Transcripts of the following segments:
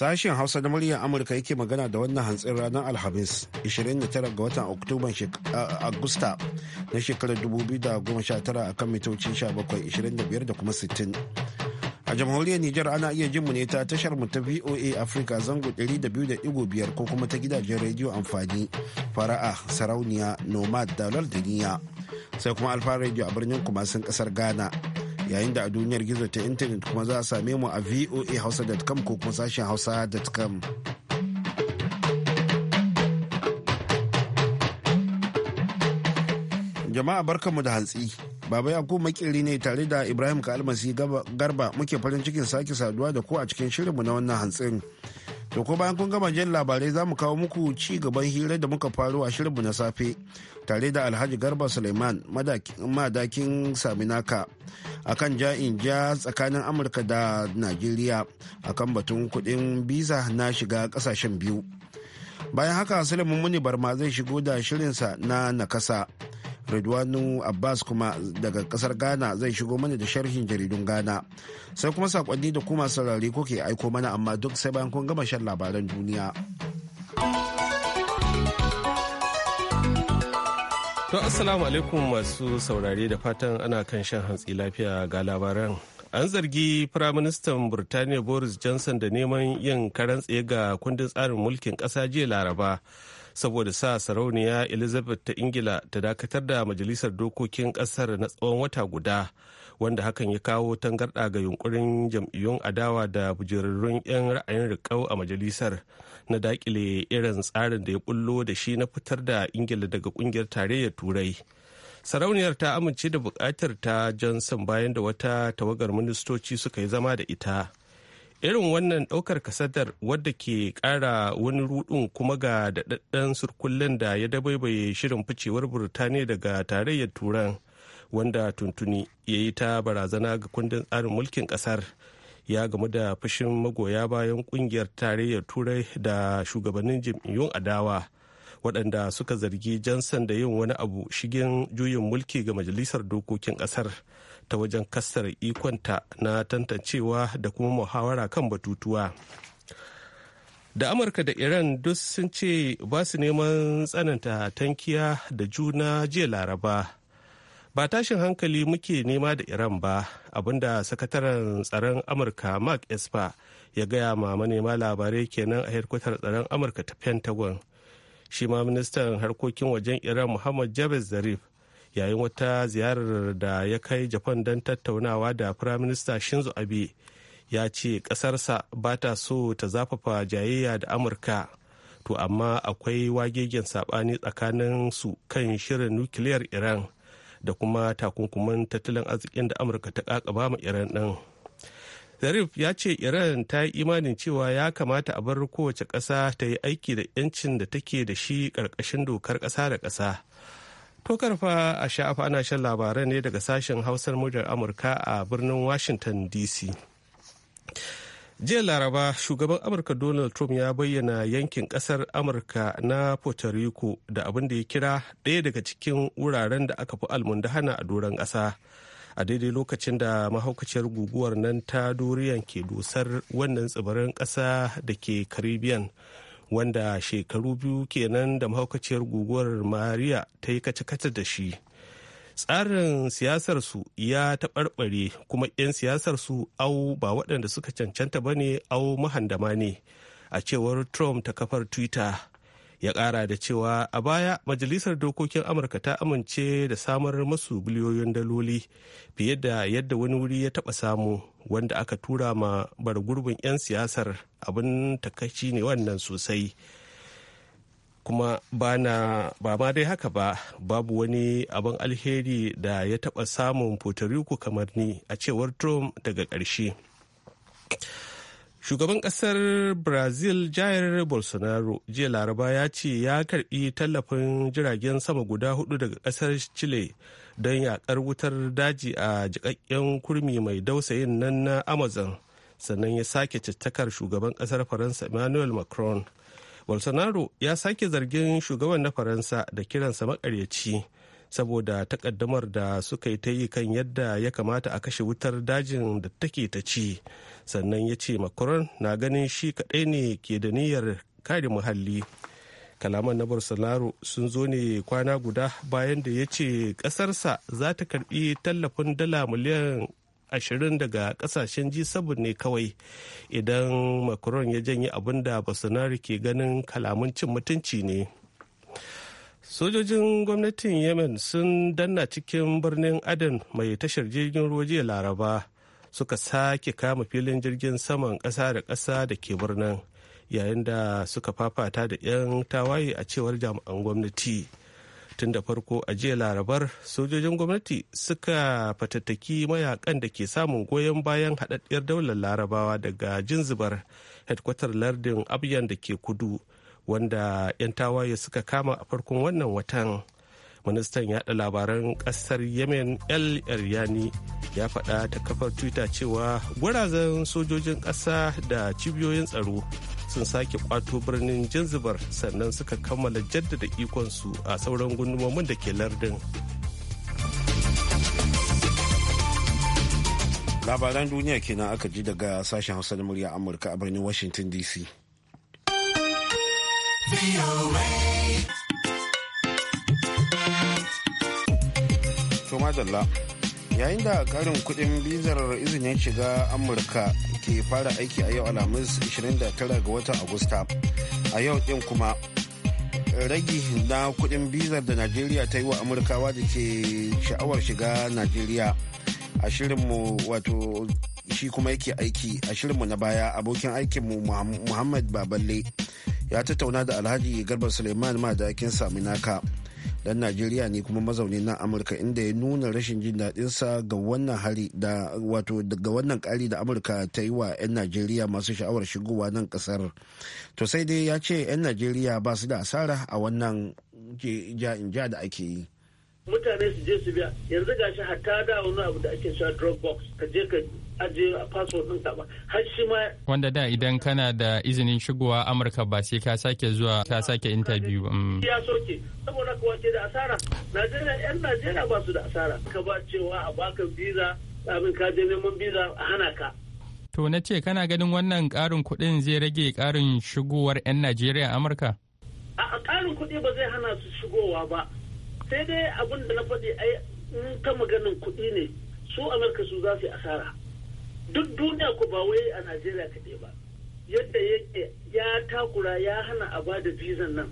Sashen Hausa na muryar Amurka yake magana da wannan hantsin ranar Alhamis 29 ga watan Oktoban Agusta na shekarar 2019 kan mitocin 1725 da kuma 60. A jamhuriyar Nijar ana iya jin mu ne ta tashar mu ta VOA Africa zango 200.5 ko kuma ta gidajen rediyo amfani fara'a sarauniya nomad da niya sai kuma alfa rediyo a birnin kumasin kasar Ghana yayin da a duniyar gizo ta intanet kuma za a same mu a voahausa.com ko kuma sashen hausa.com jama'a barkanmu da hantsi baba yakubu makiri ne tare da ibrahim kalmasi garba muke farin cikin sake saduwa da ku a cikin shirinmu na wannan hantsin To ko bayan kun gama jin labarai za mu kawo muku ci gaban hirar da muka faru a shirinmu na safe tare da Alhaji Garba Suleiman madakin Saminaka akan ja'in ja tsakanin Amurka da Najeriya akan batun kuɗin biza na shiga ƙasashen biyu. Bayan haka Suleiman Muni Barma zai shigo da shirinsa na nakasa. Redwanu Abbas kuma daga kasar Ghana zai shigo mana da sharhin jaridun Ghana. Sai kuma sakonni da kuma saurari kuke aiko mana amma duk sai bayan kun gama shan labaran duniya. To Assalamu alaikum masu saurare da fatan ana kan shan hantsi lafiya ga labaran. An zargi Firaministan Burtaniya Boris Johnson da neman yin karan ga kundin tsarin mulkin ƙasa jiya Laraba. saboda sa sarauniya elizabeth ta ingila ta dakatar da majalisar dokokin kasar na tsawon wata guda wanda hakan ya kawo tangarɗa ga yunkurin jam'iyyun adawa da bujirarrun 'yan ra'ayin rikau a majalisar na dakile irin tsarin da ya bullo da shi na fitar da ingila daga ƙungiyar tarayyar turai sarauniyar ta amince da buƙatar ta johnson bayan da wata tawagar ministoci suka yi zama da ita irin wannan ɗaukar kasadar wadda ke ƙara wani rudun kuma ga daɗaɗɗen surkullen da ya dabaibaye shirin ficewar burtaniya daga tarayyar turan wanda tuntuni ya yi ta barazana ga kundin tsarin mulkin ƙasar ya gamu da fushin magoya bayan ƙungiyar tarayyar turai da shugabannin jam'iyyun adawa waɗanda suka zargi jansan da yin wani abu shigen juyin mulki ga majalisar dokokin ƙasar ta wajen kassar ikonta na tantancewa da kuma muhawara kan batutuwa da amurka da iran duk sun ce ba su neman tsananta tankiya da juna jiya laraba ba tashin hankali muke nema da iran ba abinda sakataren tsaron amurka mark esper ya gaya ma manema labarai kenan a hirkutar tsaron amurka ta pentagon shi ma ministan harkokin wajen iran muhammad jabez zarif yayin wata ziyarar da ya kai japan don tattaunawa da firaminista shinzo abe ya ce ƙasarsa ba ta so ta zafafa jayayya da amurka to amma akwai wagegen saɓani tsakanin su kan shirin nukiliyar iran da kuma takunkuman tattalin arzikin da amurka ta kakaba ma iran ɗin zarif ya ce iran ta yi imanin cewa ya kamata a bar kowace ƙasa ta yi aiki da 'yancin da take da shi ƙarƙashin dokar ƙasa da ƙasa To karfa a sha'afa ana shan labaran ne daga sashen hausar muryar Amurka a birnin Washington DC. jiya laraba shugaban amurka donald trump ya bayyana yankin kasar amurka na puerto rico da abin da ya kira ɗaya daga cikin wuraren da aka fi almundahana a doron ƙasa a daidai lokacin da mahaukaciyar guguwar nan ta doriyan ke dusar wannan tsibirin ƙasa da ke caribbean wanda shekaru biyu kenan da mahaukaciyar guguwar Mariya ta yi kace-kace da shi tsarin siyasarsu ya taɓarɓare kuma 'yan siyasarsu au ba waɗanda suka cancanta ba ne au mahandama ne a cewar trump ta kafar twitter ya kara da cewa a baya majalisar dokokin amurka ta amince da samar masu biliyoyin daloli fiye da yadda wani wuri ya taba samu wanda aka tura ma bargurbin 'yan siyasar abin takaici ne wannan sosai kuma ba ma dai haka ba babu wani abin alheri da ya taba samun puerto rico kamar ni a cewar trump daga ƙarshe Shugaban ƙasar Brazil Jair Bolsonaro jiya Laraba ya ce ya karbi tallafin jiragen sama guda hudu daga ƙasar Chile don yakar wutar daji a jikakken kurmi mai dausayin nan na Amazon sannan ya sake cittakar shugaban ƙasar Faransa Emmanuel Macron. Bolsonaro ya sake zargin shugaban na Faransa da kiransa makaryaci. saboda takaddamar da suka yi ta yi kan yadda ya kamata a kashe wutar dajin da take ta ci sannan ya ce macron na ganin shi kaɗai ne ke da niyyar kare muhalli kalaman na bolsonaro sun zo ne kwana guda bayan da ya ce ƙasarsa za ta karbi tallafin dala miliyan ashirin daga kasashen g7 ne kawai idan macron ya janye abin da bolsonaro ke ganin kalamun cin mutunci ne sojojin gwamnatin yemen sun danna cikin birnin aden mai tashar jirgin ruwa jiya laraba suka sake kama filin jirgin saman ƙasa da ƙasa da ke birnin yayin da suka fafata da 'yan tawaye a cewar jami'an gwamnati tun da farko a jiya larabar sojojin gwamnati suka fatattaki mayakan da ke samun goyon bayan haɗaɗɗiyar daular larabawa daga jinzibar hedkwatar lardin abyan da ke kudu wanda 'yan tawaye suka kama a farkon wannan watan ministan yada labaran kasar yemen el eryani ya faɗa ta kafar twitter cewa gwarazan sojojin ƙasa da cibiyoyin tsaro sun sake kwato birnin zanzibar sannan suka kammala jaddada ikonsu a sauran gundumomin da ke lardin labaran duniya kenan aka ji daga sashen hausa da murya amurka a birnin washington dc yayin da karin kudin bizar izinin shiga amurka ke fara aiki a yau alhamis 29 ga watan agusta a yau din kuma ragi na kudin bizar da najeriya ta yi wa amurkawa da ke sha'awar shiga najeriya a shirinmu wato shi kuma yake aiki a shirinmu na baya abokin aikinmu muhammad baballe ya tattauna da alhaji garba suleiman madakin saminaka dan najeriya ne kuma mazauni na amurka inda ya nuna rashin jin daɗinsa ga wannan hari da wato ga wannan ƙari da amurka ta yi wa 'yan najeriya masu sha'awar shigowa nan ƙasar to sai dai ya ce 'yan najeriya ba su da asara a wannan ja da ake yi mutane su je su biya yanzu gashi hatta da wani abu da ake cewa box ka je ka aje password din ka ba har shi ma wanda da idan kana da izinin shigowa Amurka ba sai ka sake zuwa ka sake interview mm. ya soke saboda kuwa ke da asara Najeriya yan Najeriya ba su da asara ka ba cewa a baka visa abin ka je neman visa a hana ka to na ce kana ganin wannan karin kuɗin zai rage karin shigowar 'yan Najeriya Amurka? A karin kuɗi ba zai hana su shigowa ba, sai dai abin da na faɗi ai in ka maganin kuɗi ne su amurka su za su yi asara duk duniya ku ba wai a najeriya kaɗai ba yadda yake ya takura ya hana a ba da bizan nan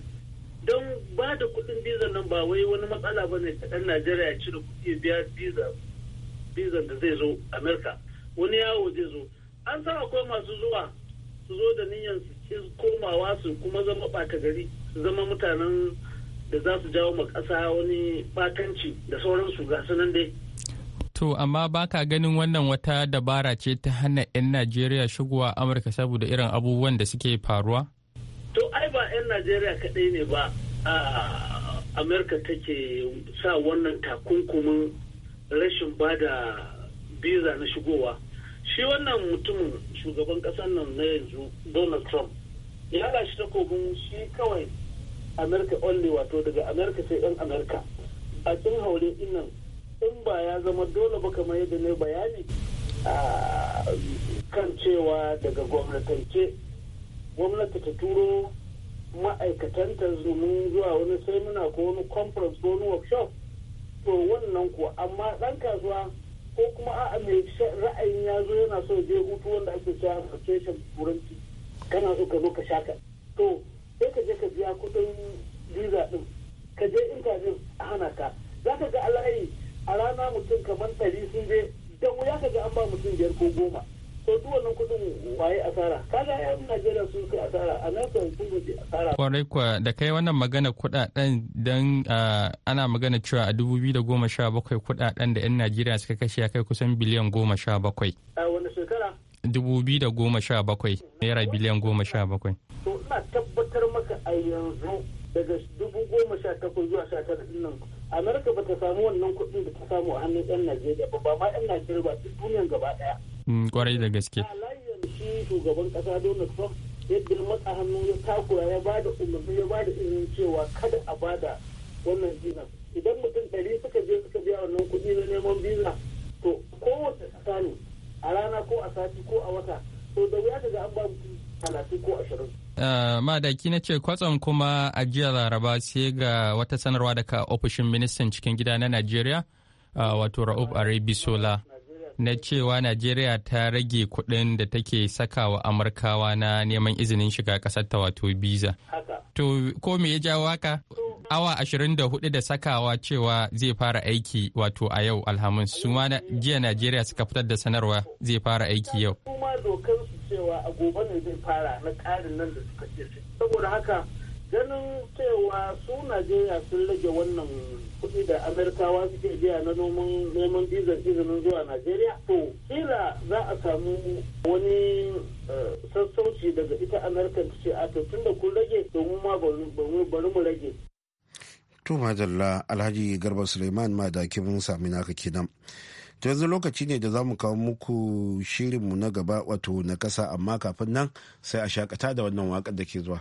don ba da kuɗin bizan nan ba wai wani matsala ba ne ɗan najeriya ya cire kuɗi biya bizan da zai zo amurka wani yawo zai zo an san akwai masu zuwa su zo da niyyar su komawa su kuma zama ɓata gari su zama mutanen da za su jawo ma ƙasa wani bakanci da sauransu ga sunan dai To, amma ba ka ganin wannan wata dabara ce ta hana 'yan Najeriya shigowa Amurka saboda irin abubuwan da suke faruwa? To, ai ba 'yan Najeriya kaɗai ne ba a Amurka take sa wannan takunkumin rashin ba da biza na shigowa. Shi wannan mutumin shugaban ƙasar nan na yanzu Donald Trump ya lashe takobin shi kawai america only wato daga america sai yan america a cikin haure inan in ba ya zama dole ba kamar yadda na bayani kan cewa daga gwamnatance gwamnati ta turo ma'aikatanta zumun zuwa wani semina ko wani conference ko wani workshop to wannan ko amma dan kasuwa ko kuma a mai ra'ayin ya zo yana so je hutu wanda ake cewa association turanci kana so ka zo ka shaka to sai ka je ka biya kudin visa ɗin ka je intanet a hana ka za ka ga alayi a rana mutum kamar ɗari sun je da wuya ka ga an ba mutum biyar ko goma to duk wannan kudin waye asara kaga yan Najeriya sun kai asara a nan sun kai asara kwarai kwa da kai wannan magana kuɗaɗen dan ana magana cewa a dubu biyu da goma sha bakwai kuɗaɗen da yan Najeriya suka kashe ya kai kusan biliyan goma sha bakwai a wani shekara dubu biyu da goma sha bakwai naira biliyan goma sha bakwai to ina a yanzu daga dubu goma sha takwas zuwa sha tara din nan amurka ba ta samu wannan kuɗin da ta samu a hannun yan najeriya ba ba ma yan najeriya ba duk duniyan gaba daya. kwarai mm, da gaske. alayyar shi shugaban ƙasa donald trump yadda ya matsa hannu ya takura ya ba da umarni ya ba da izinin cewa kada a ba da wannan biza idan mutum ɗari suka je suka biya wannan kuɗi na neman biza to kowace ƙasa ne a rana ko a sati ko a wata to da wuya ga an ba mutum talatin ko ashirin Eh, madaki na ce kwatsam kuma a jiya laraba sai ga wata sanarwa daga ofishin ministan cikin gida na najeriya eh, wato ra'ub arabisola na cewa najeriya ta rage kuɗin da take sakawa amurkawa na neman izinin shiga ƙasar ta wato biza to ko me ya jawo haka awa 24 da sakawa cewa zai fara aiki wato a yau alhamis su jiya najeriya suka fitar da sanarwa zai fara aiki yau cewa a gobe ne zai fara na karin nan da suka ce saboda haka ganin cewa su najeriya sun rage wannan kuɗi da amerikawa suke biya na noman neman bizan izinin zuwa najeriya to kila za a samu wani eh, sassauci daga ita amerika ta ce a to tun da kun rage domin ma bari mu rage to alhaji garba suleiman ma da kimin sami naka kenan to yanzu lokaci ne da za mu kawo muku shirin mu na gaba wato na kasa amma kafin nan sai a shakata da wannan wakar da ke zuwa.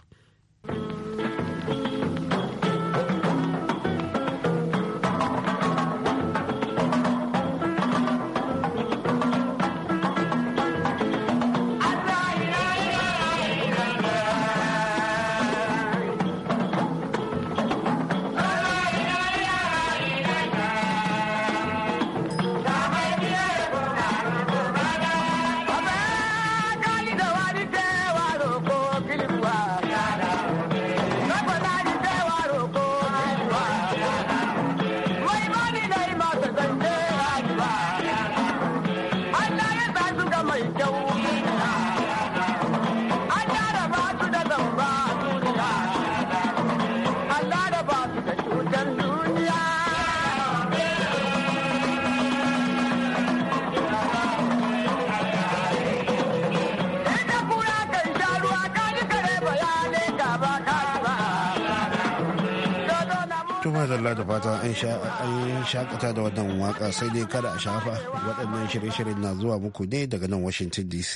an shakata da wannan waka sai dai kada a shafa waɗannan shirye-shiryen na zuwa muku ne daga nan washington dc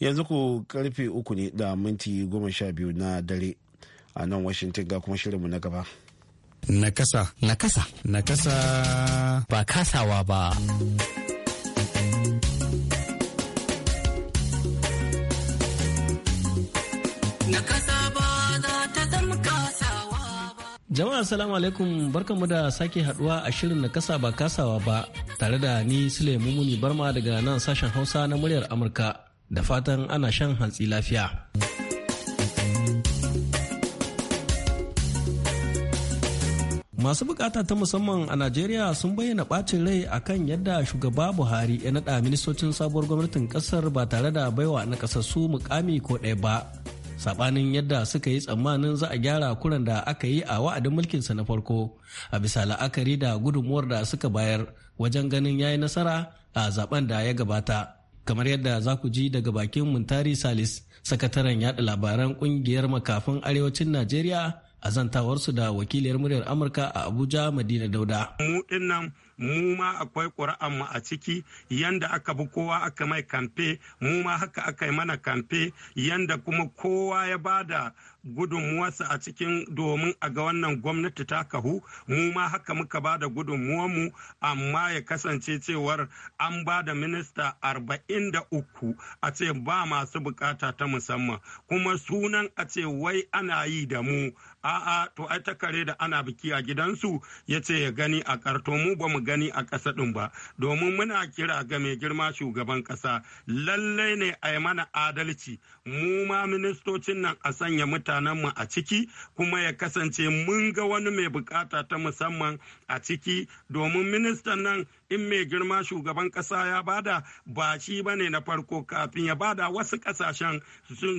yanzu ku karfe uku ne da minti goma sha biyu na dare a nan washington ga kuma shirinmu na gaba nakasa nakasa nakasa ba kasawa ba Jama'a salamu alaikum barkanmu da sake haduwa a shirin na kasa ba kasawa ba tare da ni Sule Mumuni Barma daga nan sashen Hausa na muryar Amurka da fatan ana shan hantsi lafiya. Masu bukata ta musamman a Najeriya sun bayyana bacin rai akan yadda shugaba Buhari ya naɗa ministocin sabuwar gwamnatin kasar ba tare da baiwa na kasassu mukami ko ɗaya ba. sabanin yadda suka yi tsammanin za a gyara kuran da aka yi a wa'adin mulkinsa na farko a bisa la'akari da gudunmuwar da suka bayar wajen ganin ya yi nasara a zaben da ya gabata kamar yadda za ku ji daga bakin muntari salis sakataren yada labaran kungiyar makafin arewacin najeriya a zantawarsu da wakiliyar muryar amurka a abuja madina dauda mu mu ma akwai ƙura'an mu a ciki yanda aka bi kowa aka mai kamfe mu ma haka aka yi mana kamfe yanda kuma kowa ya ba da gudunmuwarsa a cikin domin a ga wannan gwamnati ta kahu mu ma haka muka ba da gudunmuwarmu amma ya kasance cewar an ba da minista 43 a ce ba masu bukata ta musamman kuma sunan a ce wai ana yi da mu a'a to ai ta kare da ana biki a gidansu ya ce ya gani a karto mu ba mu gani a ƙasa ɗin ba domin muna kira ga mai girma shugaban ƙasa lallai ne a yi mana adalci mu ma ministocin nan a sanya mutanen mu a ciki kuma ya kasance mun ga wani mai bukata ta musamman a ciki domin ministan nan in mai girma shugaban ƙasa ya bada ba shi ba ne na farko kafin ya bada wasu ƙasashen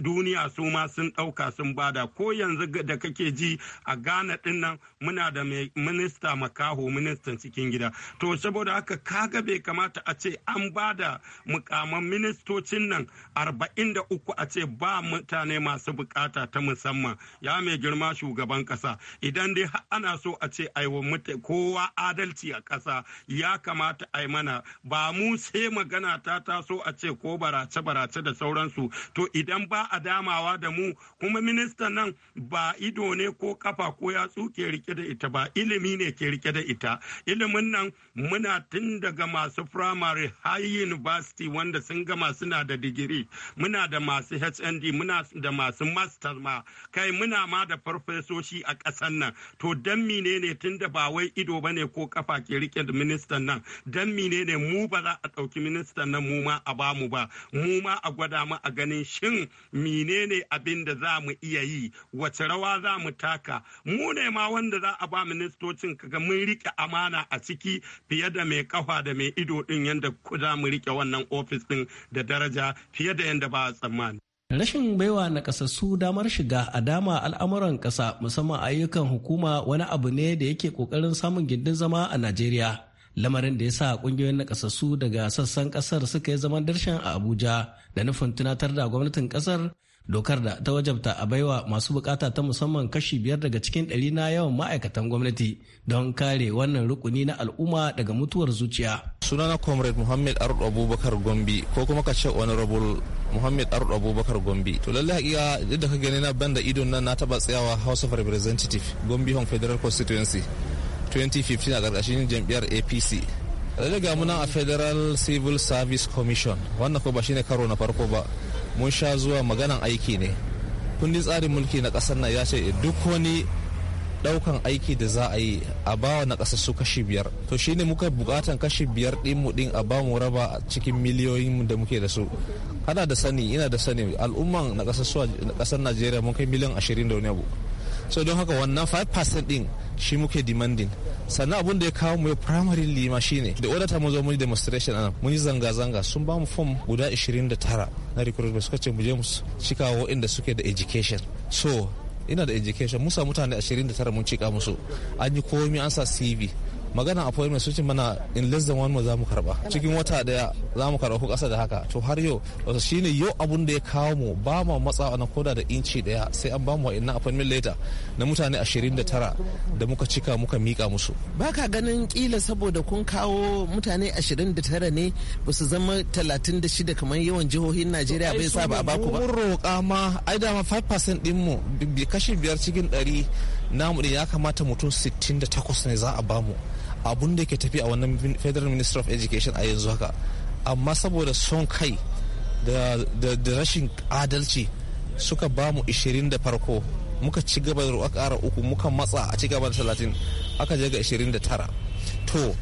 duniya su ma sun ɗauka sun bada ko yanzu da kake ji a ghana din muna da minista makaho ministan cikin gida to saboda haka kaga bai kamata a ce an ba da mukaman ministocin nan Arba'in 43 a ce ba mutane masu bukata ta musamman ya mai girma shugaban kasa idan dai ana so a ce aiwa kowa adalci a kasa ya kamata a yi mana ba mu sai magana ta taso a ce ko barace-barace da sauransu to idan ba a damawa da mu kuma ministan nan ba ido ne hannaye ko kafa ko yatsu ke rike da ita ba ilimi ne ke rike da ita ilimin nan muna tun daga masu firamare high university wanda sun gama suna da digiri muna da masu hnd muna da masu master ma kai muna ma da farfesoshi a ƙasan nan to dan mine ne tun da ba wai ido ba ne ko kafa ke rike da ministan nan dan mine ne mu ba za a ɗauki ministan nan mu ma a ba mu ba mu ma a gwada mu a ganin shin ne abin da za mu iya yi wace rawa za mu mu taka mu ne ma wanda za a ba ministocin kaga mun rike amana a ciki fiye da mai kafa da mai ido din yadda za mu rike wannan ofis din da daraja fiye da yadda ba a tsammani Rashin baiwa na kasassu damar shiga a dama al'amuran ƙasa musamman ayyukan hukuma wani abu ne da yake ƙoƙarin samun gindin zama a Najeriya. Lamarin da ya sa ƙungiyoyin na kasassu daga sassan ƙasar suka yi zaman darshen a Abuja da nufin tunatar da gwamnatin ƙasar dokar da ta wajabta a baiwa masu bukata ta musamman kashi biyar daga cikin ɗari na yawan ma'aikatan gwamnati don kare wannan rukuni na al'umma daga mutuwar zuciya. sunana comrade muhammad ardu abubakar gombi ko kuma ka ce honorable muhammad ardu abubakar gombi to lallai hakika duk da ka gani na ban da idon nan na taba tsayawa house of representative gombe home federal constituency 2015 a ƙarƙashin jam'iyyar apc lallai ga muna a federal civil service commission wannan ko ba shine karo na farko ba mun sha zuwa maganan aiki ne kundin tsarin mulki na kasar nan ya ce duk wani daukan aiki da za a yi a bawa na kasar su kashi biyar to shine muka bukatan kashi biyar ɗin mu ɗin a ba mu raba cikin miliyoyin da muke da su ana da sani ina da sani al'umman na kasar najeriya mun kai miliyan ashirin da wani abu so don haka wannan 5% din shi muke demanding sannan abun da ya kawo mu primary lima shine da ta mu zo mun demonstration anan mun yi zanga-zanga sun ba mu form guda 29 na recruitment suka ce mu je mu cikawo inda suke da education so ina da education musa mutane 29 mun cika musu an yi komi an sa cv magana appointment sun ce mana in less than one mu za mu karba cikin wata daya za mu karba ko kasa da haka to har yau shi shine yau abun da ya kawo mu ba mu matsawa na koda da inci daya sai an ba mu wa'annan appointment later na mutane 29 da muka cika muka mika musu baka ganin kila saboda kun kawo mutane 29 ne ba su zama 36 kamar yawan jihohin Najeriya bai sa ba a baku ba mun roƙa ma ai ma 5% din mu kashi biyar cikin 100 namu din ya kamata mutum 68 ne za a bamu abun da ke tafi a wannan federal minister of education a yanzu haka amma saboda son kai da rashin adalci suka ba mu 20 da farko muka ci gaba da ruwa ƙara uku muka matsa a ci gaba da 30 aka je ga 29 to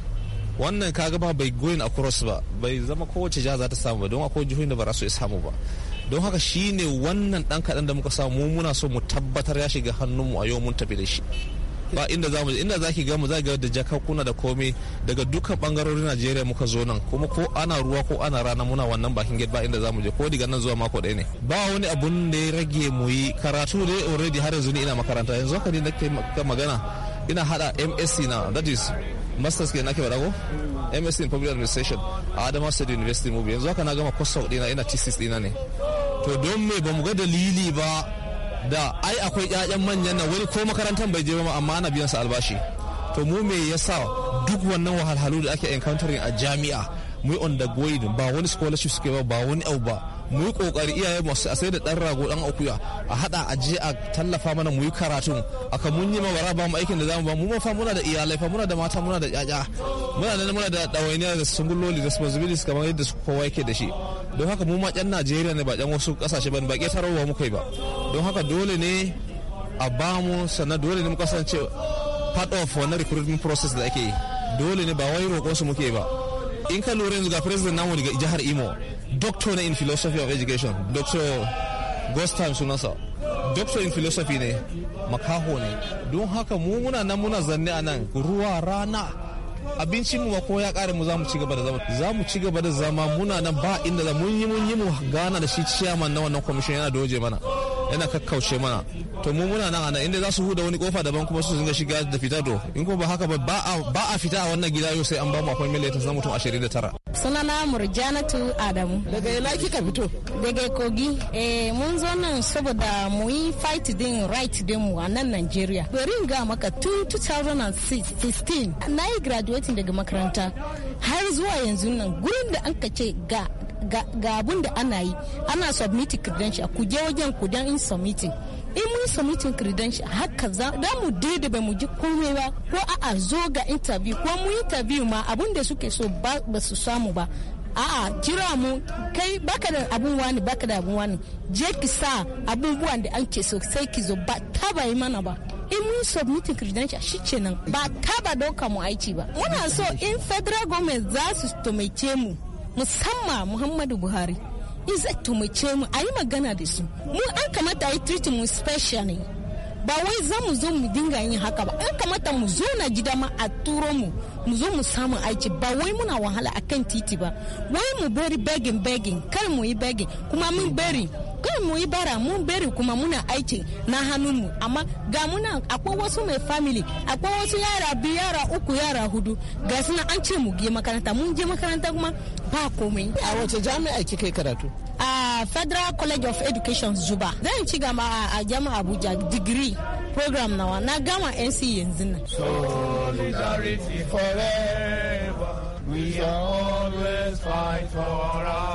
wannan kaga ba bai goyin a cross ba bai zama kowace jiha za ta samu ba don akwai jihohin da ba su samu ba don haka shine wannan dan kaɗan da muka samu muna so mu tabbatar ya shiga hannunmu a yau mun tafi da shi ba inda za mu inda ki ga mu za ga da jakakuna da komai daga dukkan bangarori Najeriya muka zo nan kuma ko ana ruwa ko ana rana muna wannan bakin gate ba inda mu je ko diga nan zuwa mako ɗaya ne ba wani abun da ya rage mu yi karatu dai already har yanzu ni ina makaranta yanzu haka ne nake magana ina hada MSc na that is masters ke nake faɗa ko MSc in public administration a Adama State University mu yanzu haka na gama course ɗina ina thesis ɗina ne to don me ba mu ga dalili ba da ai akwai ƴaƴan manyan nan wani ko makarantar bai je ba amma ana biyan su albashi to mu me yasa duk wannan wahalhalu da ake encountering a jami'a mu on the going ba wani scholarship suke ba ba wani abu ba mu yi kokari iyaye masu a sai da dan rago dan akuya a hada a je a tallafa mana mu yi karatu aka mun yi bara ba mu aikin da zamu ba mu ma fa muna da iyalai fa muna da mata muna da yaya muna da muna da dawainiya da sungulloli da responsibilities kamar yadda kowa yake da shi don haka mu ma yan Najeriya ne ba yan wasu kasashe ba ba ƙetarwa mu kai ba don haka dole ne a ba mu sannan dole ne mu kasance part of wannan recruitment process da ake yi dole ne ba wai roƙon su muke ba in ka lura yanzu ga president namu daga jihar imo doctor ne in philosophy of education doctor gostam sunansa doctor in philosophy ne makaho ne don haka mu muna nan muna zanne a nan ruwa rana abincin mu ko ya kare mu za mu ci gaba da zama za mu ci gaba da zama muna nan ba inda za mun yi mun yi mu gana da shi chairman na wannan kwamishin yana doje mana yana kakkaushe mana to mu muna nan ana inda za su huda wani kofa daban kuma su dinga shiga da fita do in kuma ba haka ba ba a fita a wannan gida yau sai an ba mu akwai miliyan ta mutum 29 sunana murjanatu adamu daga ina kika fito daga kogi eh mun zo nan saboda mu yi fight din right din mu a nan nigeria. bari ga maka tun 2016 na yi graduating daga makaranta har zuwa yanzu nan gurin da an ka ce ga ga abun da ana yi ana submitting credential ku je wajen ku dan in submitting in mun submitting credential haka za mu daida ba mu ji komai ba ko a'a zo ga interview ko mu interview ma abun da suke so ba su samu ba a'a kira mu kai baka da abun wani baka da abun wani je ki sa abubuwan da an ke so sai ki zo ba taba yi mana ba in mun submitting credential shi kenan ba taba dauka mu aiki ba muna so in federal government za su taimake mu musamman muhammadu buhari in zai tumace mu a yi magana da su mu an kamata a yi treat mu special ne ba wai za mu zo mu dinga yin haka ba an kamata mu zo na gida ma a turo mu mu zo mu samu aiki ba wai muna wahala akan titi ba wai mu bari begging begging kar mu yi begging kuma mun bari kai mu yi bara mun bari kuma muna aiki na hannunmu amma ga muna akwai wasu mai family akwai wasu yara biyu yara uku yara hudu ga suna an ce mu je makaranta mun je makaranta kuma ba komai a wace jami'a kika karatu a federal college of education zuba zan ci gama a jami'a abuja degree program nawa na gama nc yanzu nan solidarity forever we are always fight for our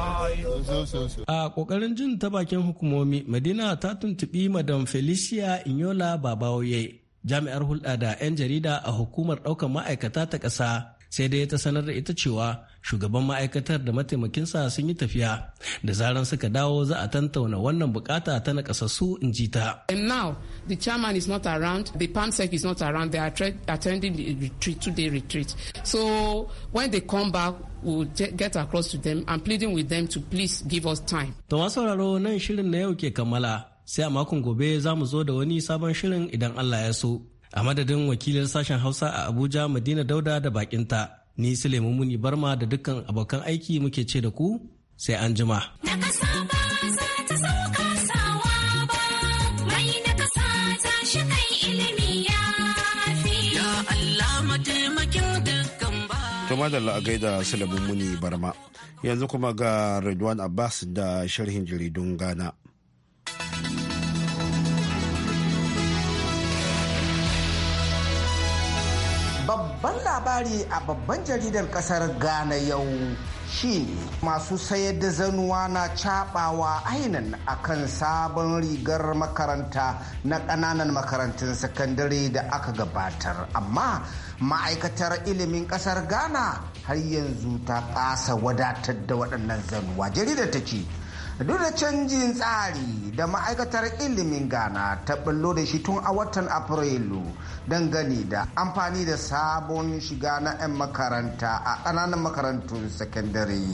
A kokarin jin ta bakin hukumomi, Madina ta tuntubi Madam Felicia Inyola Babawoye, jami'ar hulɗa da 'yan jarida a hukumar ɗaukar ma'aikata ta ƙasa, sai dai ta sanar da ita cewa shugaban ma'aikatar da mataimakinsa sun yi tafiya da zaran suka dawo za a tantauna wannan bukata ta nakasassu in ji ta. and now the chairman is not around the pansec is not around they are attending the retreat two day retreat so when they come back will get across to them and pleading with them to please give us time. to sauraro nan shirin na yau ke kammala sai a makon gobe za mu zo da wani sabon shirin idan allah ya so a madadin wakilin sashen hausa a abuja madina dauda da bakinta. ni Suleiman Muni Barma da dukkan abokan aiki muke ce da ku sai an jima. Tuma da la'agai da Suleiman Muni Barma yanzu kuma ga Redwan Abbas da sharhin jaridun Ghana. labari a babban jaridar kasar Ghana yau shine masu sayar da zanuwa na cabawa a kan sabon rigar makaranta na ƙananan makarantun sakandare da aka gabatar amma ma'aikatar ilimin ƙasar ghana har yanzu ta ƙasa wadatar da waɗannan zanuwa jaridar ta ce duk da canjin tsari da ma'aikatar ilimin ghana ta bullo da shi tun a watan afrilu dangane da amfani da sabon shiga na 'yan makaranta a ƙananan makarantun sakandare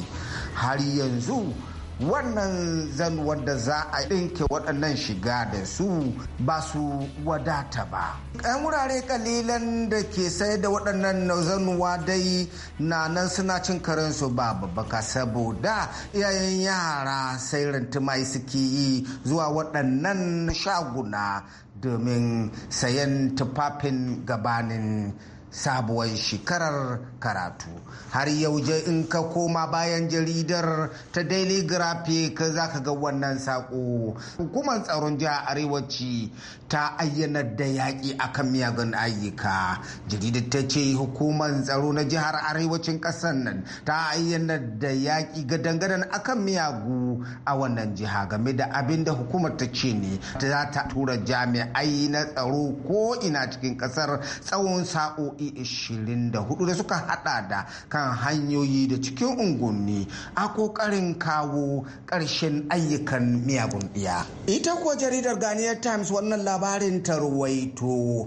har yanzu wannan zan wanda za a ɗinke waɗannan shiga da su ba su wadata ba. 'yan wurare ƙalilan da ke sai da waɗannan zanuwa dai na nan suna cin karensu ba babbaka saboda iyayen yara sai rantumai suke yi zuwa waɗannan shaguna domin sayan tufafin gabanin sabuwar shekarar karatu har yau in ka koma bayan jaridar ta daily graphic za ka ga wannan sako hukumar tsaron jihar arewaci ta ayyana da yaƙi akan miyagun ayyuka jaridar ta ce hukumar tsaro na jihar arewacin ƙasar nan ta ayyana da yaƙi a akan miyagu a wannan jiha game da abin da hukumar ta ce ne Ta za ta tura jami'ai na tsaro ko ina cikin ƙasar tsawon sa'o'i nau'i 24 da suka hada da kan hanyoyi da cikin unguwanni a kokarin kawo ƙarshen ayyukan miyagun ɗiya. ita kuwa jaridar ganiyar times wannan labarin ta ruwaito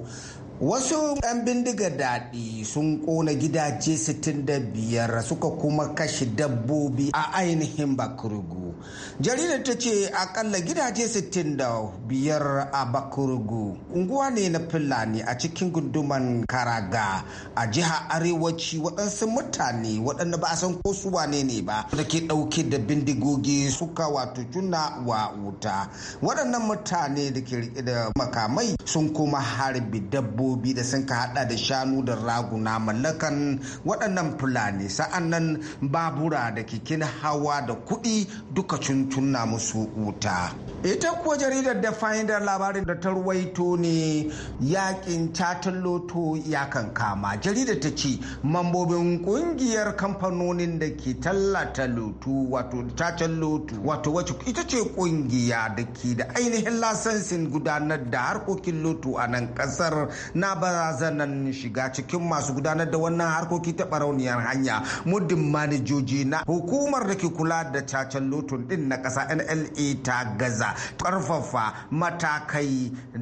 Wasu 'yan bindiga daɗi sun ƙona gidaje 65 suka kuma kashe dabbobi a ainihin Bakurugu. Jaridar ta ce akalla gidaje 65 a Bakurugu. Unguwa ne na Fulani a cikin gunduman Karaga a jiha arewaci waɗansu mutane waɗanda ba a san ko su wane ne ba da ke ɗauke da bindigogi suka wato juna wa wuta. Waɗannan mutane da ke da makamai sun kuma harbi dabbobi dabbobi da sun ka hada da shanu da raguna mallakan waɗannan fulani sa'an nan babura da kikin hawa da kuɗi duka cuntuna musu wuta ita kuwa jaridar da fahimtar labarin da ta ruwaito ne yakin catin loto ya kan kama jaridar ta ce mambobin kungiyar kamfanonin da ke tallata loto wato loto wato wacce ita ce kungiya da ke da ainihin lasansin gudanar da harkokin loto a nan kasar na barazanan shiga cikin masu gudanar da wannan harkoki ta barauniyar hanya muddin manajoji na hukumar da ke kula da cacen lotun din na kasa nla ta gaza karfafa matakai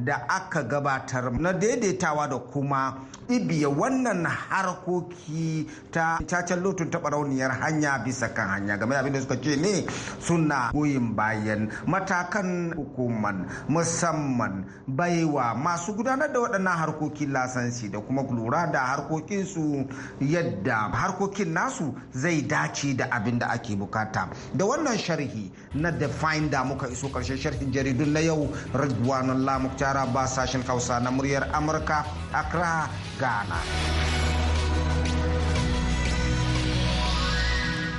da aka gabatar na daidaitawa da kuma ibiya wannan harkoki ta cacen lotun ta barauniyar hanya bisa kan hanya game da abin da suka ce ne suna goyin bayan matakan hukuman musamman baiwa masu gudanar da waɗannan harkoki harkokin lasansi da kuma lura da harkokinsu yadda harkokin nasu zai dace da abin da ake bukata da wannan sharhi na define da muka iso karshen sharhin jaridun na yau ridwanullah lamuktara ba sashen hausa na muryar amurka accra ghana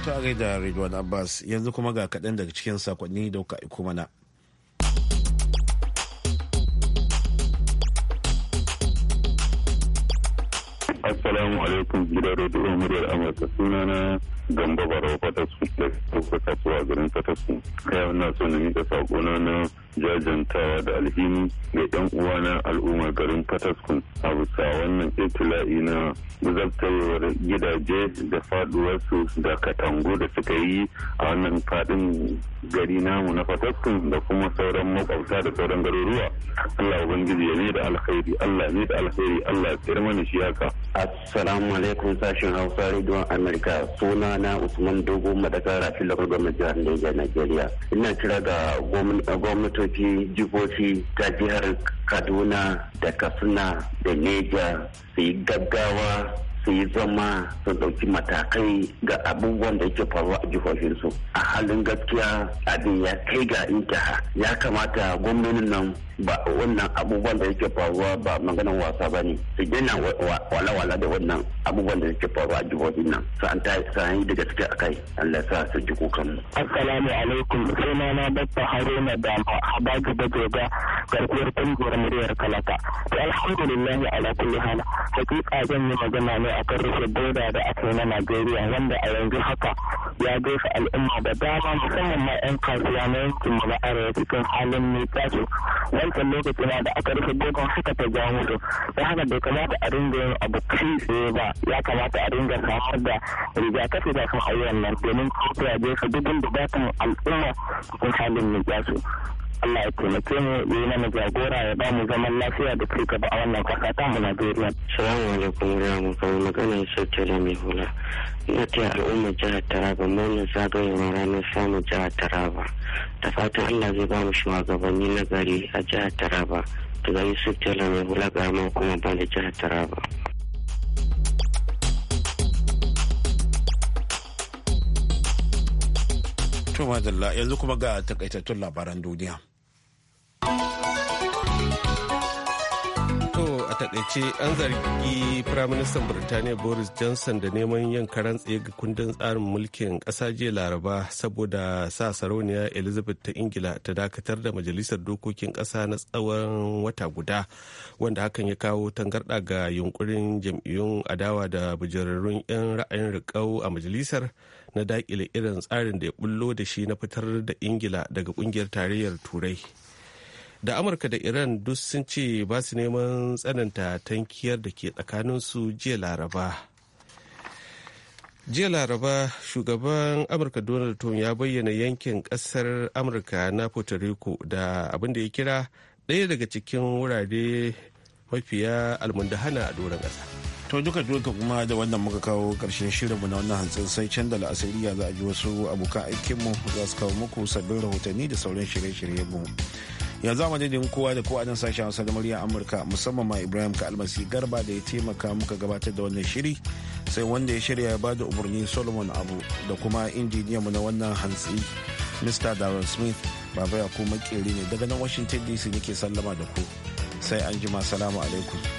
ta gaida Ridwan Abbas yanzu kuma ga kaɗan daga cikin sakonni da kuka aiko mana. Assalamu alaikum gidan rediyo muryar Amurka sunana Gamba Barau Fatasku da kuka kasuwa garin Fatasku. Kai na so na miƙa saƙona na jajantawa da alhini ga ɗan uwana al'ummar garin Fatasku a bisa wannan itila'i na zartarwar gidaje da faɗuwarsu da katangu da suka yi a wannan faɗin gari namu na Fatasku da kuma sauran makwabta da sauran garuruwa. Allah Ubangiji ya ne da alkhairi, Allah ne da alkhairi, Allah ya tsirmani shi haka. Assalamu alaikum sashen Hausa Radio Amerika suna na Usman Dogo Madaka Rafi Local Gwamnati Jihar Niger Nigeria. Ina kira ga gwamnatoci jihohi ta jihar Kaduna da Katsina da Neja su yi gaggawa su yi zama su dauki matakai ga abubuwan da yake faru a jihohinsu. A halin gaskiya abin ya kai ga intaha ya kamata gwamnonin nan ba wannan abubuwan da yake faruwa ba maganan wasa ba ne su gina wala-wala da wannan abubuwan da yake faruwa a jihohin nan su an ta yi daga suke akai Allah sa su ji kukan assalamu alaikum suna na dabba haruna da habaji da joga garkuwar kungiyar muryar kalaka to alhamdulillah ala kulli hal hakika zan yi magana ne akan rufe boda da aka yi na Najeriya wanda a yanzu haka ya gaifa al'umma da dama musamman ma 'yan kasuwa na yankin mu na arewa cikin halin mai tashi wancan lokaci ma da aka rufe gogon haka ta ja musu don haka bai kamata a ringa yin abu kai tsaye ba ya kamata a ringa samar da rigakafi da kan ayyuan nan domin kautar jefa dubin dubatan al'umma cikin halin mai tashi Allah ya taimake mu ya yi mana jagora ya ba mu zaman lafiya da kai gaba a wannan kasa ta mu Najeriya. Salamu alaikum wa kawo magana ya sauke da mai hula. Ina taya al'ummar jihar Taraba murnar zagayowar ranar samun jihar Taraba. Da fatan Allah zai ba mu shugabanni na gari a jihar Taraba. Daga Yusuf Tela mai hula mu kuma ba da jihar Taraba. To yanzu kuma ga takaitattun labaran duniya. takaice an zargi firaministan birtaniya boris johnson da neman yin karan tsaye ga kundin tsarin mulkin ƙasa jiya laraba saboda sa sarauniya elizabeth ta ingila ta dakatar da majalisar dokokin ƙasa na tsawon wata guda wanda hakan ya kawo tangarɗa ga yunkurin jam'iyyun adawa da bujirarrun 'yan ra'ayin riƙau a majalisar na daƙile irin tsarin da ya bullo da shi na fitar da ingila daga ƙungiyar tarayyar turai da amurka da iran duk sun ce ba su neman tsananta tankiyar da ke tsakaninsu jiya laraba jiya laraba shugaban amurka donald trump ya bayyana yankin kasar amurka na puerto rico da abin da ya kira ɗaya daga cikin wurare mafiya almundahana a doron ƙasa to duka duka kuma da wannan muka kawo karshen shirinmu na wannan hantsin sai can da la'asiriya za a ji wasu abokan aikinmu za su kawo muku sabbin rahotanni da sauran shirye-shiryenmu. mu yanzu a madadin kowa da kowa nan sashen hausa da murya amurka musamman ma ibrahim ka almasi garba da ya taimaka muka gabatar da wannan shiri sai wanda ya shirya ya da umarni solomon abu da kuma injiniyan mu na wannan hantsi mr darren smith baba ya kuma ne daga nan washington dc nake sallama da ku sai an jima salamu alaikum